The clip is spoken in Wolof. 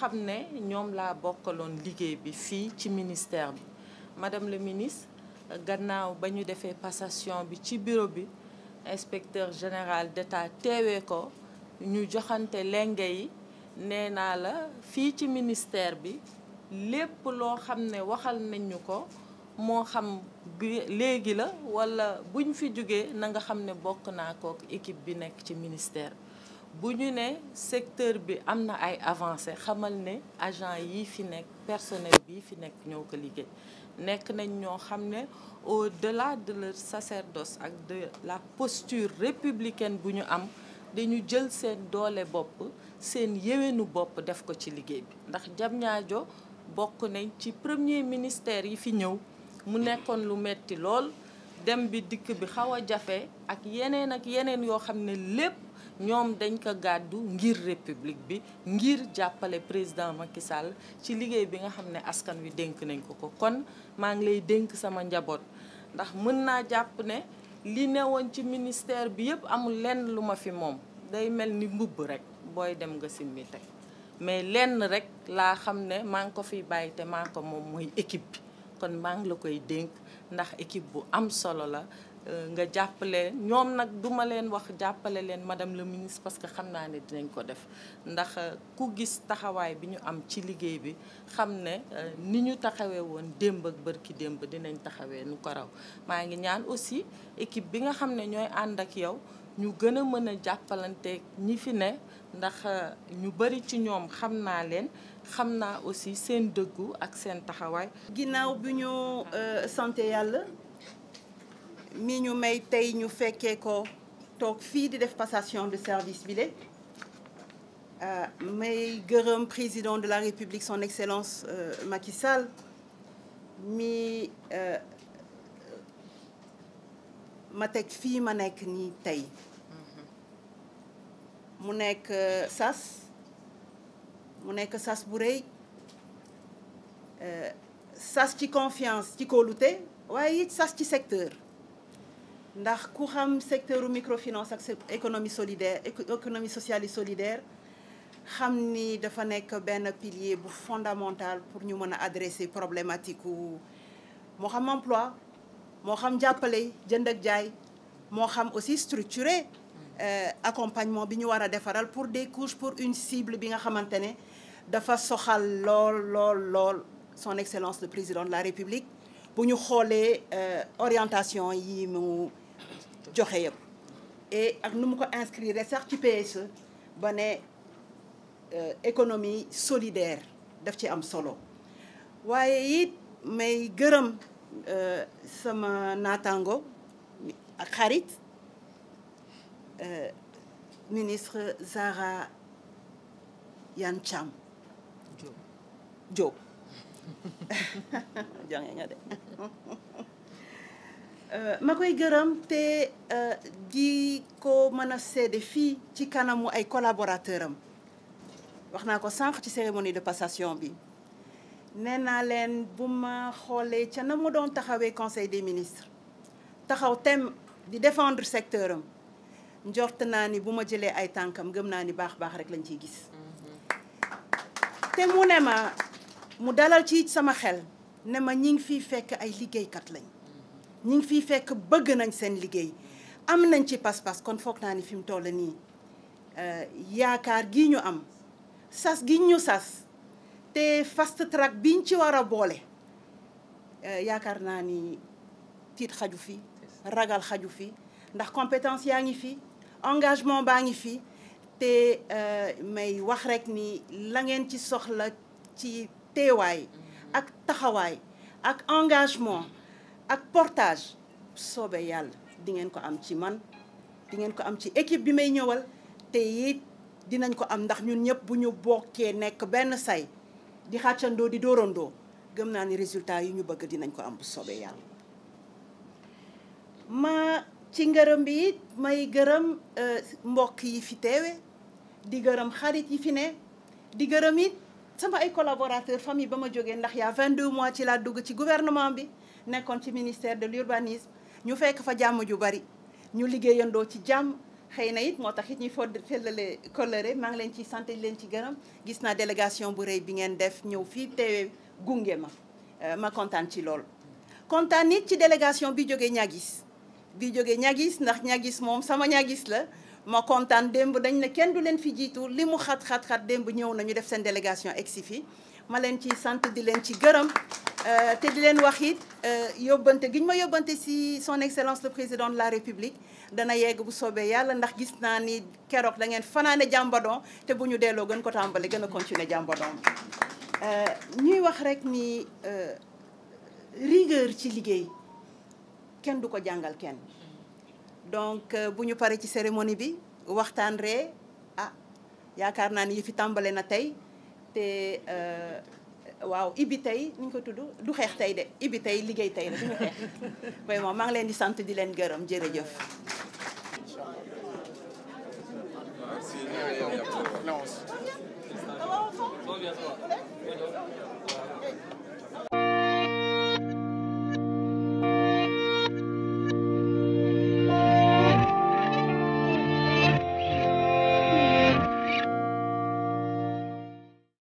xam ne ñoom laa bokkaloon liggéey bi fii ci ministère bi madame le ministre gannaaw ba ñu defee passation bi ci bureau bi inspecteur général d'État teewee ko ñu joxante lenge yi nee naa la fii ci ministère bi lépp loo xam ne waxal nañ ñu ko moo xam léegi la walla buñ fi jógee na nga xam ne bokk naa kook équipe bi nekk ci ministère bi bu ñu nee secteur bi am na ay avancé xamal ne agent yi fi nekk personnel bi fi nekk ñëw ko liggéey nekk nañ ñoo xam ne au-delà de leur sacerdoce ak de la posture républicain bu ñu am dañu jël seen doole bopp seen yéwénu bopp def ko ci liggéey bi ndax Diamniadio bokk nañ ci premier ministère yi fi ñëw mu nekkoon lu metti lool dem bi dikk bi xaw a jafe ak yeneen ak yeneen yoo xam ne lépp ñoom dañ ko gàddu ngir république bi ngir jàppale président ma Sall ci liggéey bi nga xam ne askan wi dénk nañ ko ko kon maa ngi lay dénk sama njaboot ndax mën naa jàpp ne li woon ci ministère bi yëpp amul lenn lu ma fi moom day mel ni mbubb rek booy dem nga simmi teg mais lenn rek laa xam ne maa ngi ko fi bàyyi te maa ko moom mooy équipe bi kon maa ngi la koy dénk ndax équipe bu am solo la euh, nga jàppale ñoom nag duma leen wax jàppale leen madame le ministre parce que xam naa ni dinañ ko def ndax euh, ku gis taxawaay bi ñu am ci liggéey bi xam ne euh, ni ñu taxawee woon démb ak bër ki démb dinañ taxawee nu ko raw maa ngi ñaan aussi équipe bi nga xam ne ñooy ànd ak yow ñu gën a mën a jàppalanteeg ñi fi ne ndax euh, ñu bari ci ñoom xam naa leen xam naa aussi seen dëggu ak seen taxawaay. ginnaaw bi ñu euh, sante yàlla mi ñu may tey ñu fekkee ko toog fii di def passation de service bi euh, may gërëm président de la république son excellence Macky mi. ma teg fii ma nekk nii tey mm-hmm. mu nekk euh, sas mu nekk sas bu rëy euh, sas ci confiance ci kóolute waaye it sas ci secteur ndax ku xam secteur u microfinance ak économie solidaire économie sociale et solidaire xam ni dafa nekk benn pilier bu fondamental pour ñu mën a adresser problématique wu moo xam emploi moo xam jàppale jënd ak jaay moo xam aussi structuré euh, accompagnement bi ñu war a defaral pour des couches pour une cible bi nga xamante ne dafa soxal lool lool lool son excellence le président de la république bu ñu xoolee euh, orientation yi mu joxe yëpp et ak nu mu ko inscrire sax ci PSE ba ne euh, économie solidaire daf ci am solo waaye it may gërëm Euh, sama naataango ak xarit euh, ministre Zahra Iyane Thiam Diop nga de euh, ma koy gërëm te gi ko mën a seede fii ci kanamu ay collaborateuram wax naa ko sànq ci cérémonie de passation bi nee naa leen bu ma xoolee ca na mu doon taxawee conseil des ministre taxaw tem di defendre secteur am njort naa ni bu ma jëlee ay tànkam gëm naa ni baax baax rek lañ ciy gis. te mu ne ma mu dalal ci sama xel ne ma ñi ngi fiy fekk ay liggéeykat lañ ñi ngi fiy fekk bëgg nañ seen liggéey am nañ ci pas-pas kon foog naa ni fi mu toll nii euh, yaakaar gi ñu am sas gi ñu sas. te fast track biñ ci war a boole euh, yaakaar naa ni tiit xaju fi ragal xaju fi ndax compétence yaa ngi fi engagement baa ngi fi te euh, may wax rek ni la ngeen ci soxla ci teewaay ak taxawaay ak engagement ak portage soobe yàlla di ngeen ko am ci man di ngeen ko am ci équipe bi may ñëwal te it dinañ ko am ndax ñun ñëpp bu ñu bokkee nekk benn say di xàccandoo di dóorandoo gëm naa ni résultat yi ñu bëgg dinañ ko am bu soobee yàlla ma ci ngërëm bi it may gërëm euh, mbokk yi fi teewe di gërëm xarit yi fi ne di gërëm it sama ay collaborateur famille ba ma jógee ndax yaa 22 mois ci laa dugg ci gouvernement bi nekkoon ci ministère de l'urbanisme ñu fekk fa jàmm ju bari ñu liggéeyandoo ci jàmm xëy na it moo tax it ñuy fod fellale coloré maa ngi leen ci sant leen ci gërëm gis naa délégation bu rëy bi ngeen def ñëw fii teewee gunge ma euh, ma kontaan ci lool kontaan it ci délégation bi jógee ñagis bi jógee ñagis ndax ñagis moom sama ñagis la ma kontaan démb dañ ne kenn du leen fi jiitu li mu xat xat xat démb ñëw na ñu def seen délégation egsi fii ma leen ci sant di leen ci gërëm euh, te di leen wax it euh, yóbbante gi ñu ma yóbbante si son excellence le président de la république dana yegg bu soobee yàlla ndax gis naa ni keroog da ngeen fanaane jàmbadon te bu ñu delloo gën ko tàmbali gën a continuer jàmbadon bi euh, ñuy wax rek ni rigueur ci liggéey kenn du ko jàngal kenn donc bu ñu paree ci cérémonie bi waxtaan ree ah yaakaar naa ni yi fi tàmbale na tey te euh, waaw ibi tey nuñ ko tudd du xeex tey de ibi tey liggéey tey rek xeex vraiment maa ngi leen di sant di leen gërëm jërëjëf. Non,